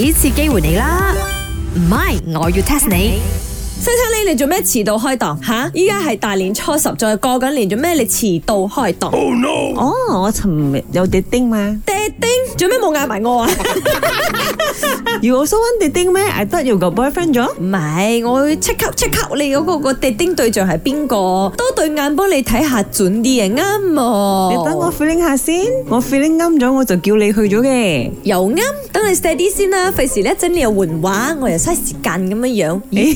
俾次機會你啦，唔係我要 test 你，西西你嚟做咩遲到開檔吓？依家係大年初十，再過緊年做咩你遲到開檔？oh, no！哦，oh，我尋日有跌丁嘛？跌丁做咩冇嗌埋我啊？ You also one dating 咩？我得有個 boyfriend 咗？唔係，我會 check out check out 你嗰個個 dating 對象係邊個？多對眼幫你睇下準啲嘅，啱？你等我 feeling 下先，我 feeling 啱咗，我就叫你去咗嘅。又啱，等你 steady 先啦，費事咧真係又換玩，我又嘥時間咁樣樣，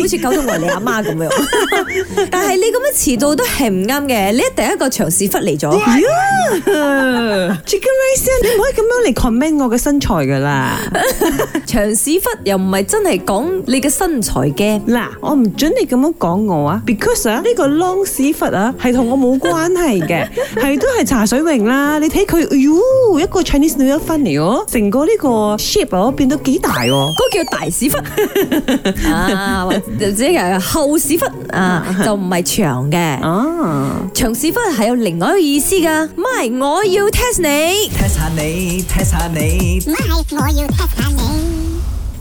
好似溝通我哋阿媽咁樣。但係你咁樣遲到都係唔啱嘅，你第一個長屎忽嚟咗。Chicken race 啊！你唔可以咁樣嚟 comment 我嘅身材噶啦。長屎忽又唔係真係講你嘅身材嘅，嗱，我唔准你咁樣講我啊，because 啊，呢個 long 屎忽啊係同我冇關係嘅，係都係茶水泳啦，你睇佢，哎喲，一個 ChineseNew York 嚟嘅，成個呢個 shape 啊變到幾大喎，嗰個叫大屎忽啊，或者係厚屎忽啊，就唔係長嘅，哦，長屎忽係有另外一個意思噶，My，我要 test 你，test 下你，test 下你，My，我要 test 下你。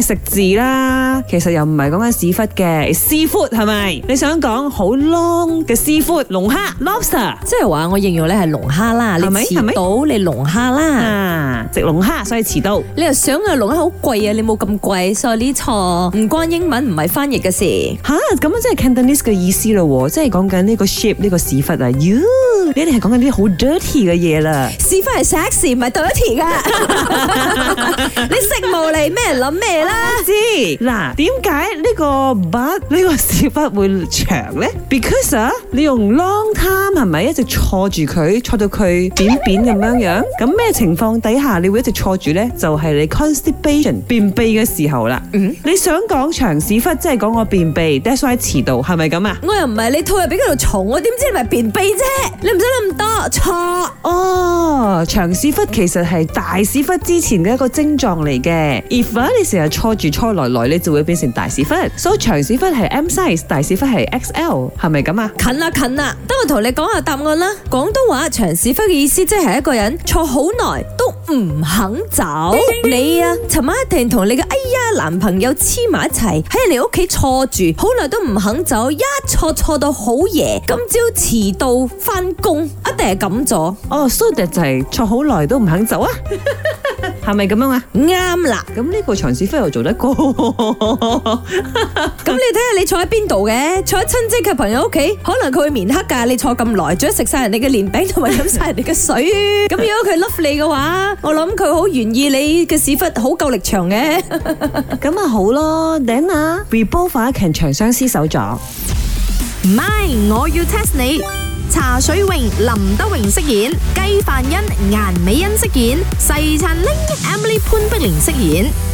食字啦，其實又唔係講緊屎忽嘅 seafood 係咪？你想講好 long 嘅 seafood 龍蝦 lobster，即係話我形容你係龍蝦啦，是是你咪？咪？到你龍蝦啦，啊、食龍蝦所以遲到。你又想啊龍蝦好貴啊，你冇咁貴，所以呢錯唔關英文唔係翻譯嘅事吓？咁樣真係 Cantonese 嘅意思咯，即係講緊呢個 ship 呢個屎忽啊。Yeah. 你哋係講緊啲好 dirty 嘅嘢啦，屎忽係 sexy 唔係 dirty 噶？你食無嚟咩諗咩啦？知嗱點解呢個 but 呢個屎忽會長咧？Because 啊、uh，你用 long time 係咪一直坐住佢，坐到佢扁扁咁樣樣？咁咩情況底下你會一直坐住咧？就係、是、你 constipation 便秘嘅時候啦。嗯、mm，hmm. 你想講長屎忽，即係講我便秘、That's why 遲到，係咪咁啊？我又唔係你肚入邊度蟲，我點知你咪便秘啫？唔使咁多錯哦，長屎忽其實係大屎忽之前嘅一個症狀嚟嘅。If, uh, 你成日坐住坐來來，你就會變成大屎忽。所、so, 以長屎忽係 M size，大屎忽係 XL，係咪咁啊？近啦近啦，等我同你講下答案啦。廣東話長屎忽嘅意思即係一個人坐好耐都唔肯走。你啊，尋晚一定同你嘅哎呀男朋友黐埋一齊喺你屋企坐住，好耐都唔肯走，一坐坐到好夜，今朝遲到翻工。一定係咁做哦，Sudette 就係坐好耐都唔肯走啊，係咪咁樣啊？啱啦！咁呢個長屎忽又做得過，咁你睇下你坐喺邊度嘅，坐喺親戚嘅朋友屋企，可能佢會面黑噶，你坐咁耐，仲要食晒人哋嘅蓮餅同埋飲晒人哋嘅水，咁如果佢 love 你嘅話，我諗佢好願意你嘅屎忽好夠力長嘅，咁啊好咯，等下 Rebo 翻一樖長相廝守咗，唔係，我要 test 你。茶水榮、林德榮飾演，雞飯恩、顏美恩飾演，細陳玲、Emily 潘碧玲飾演。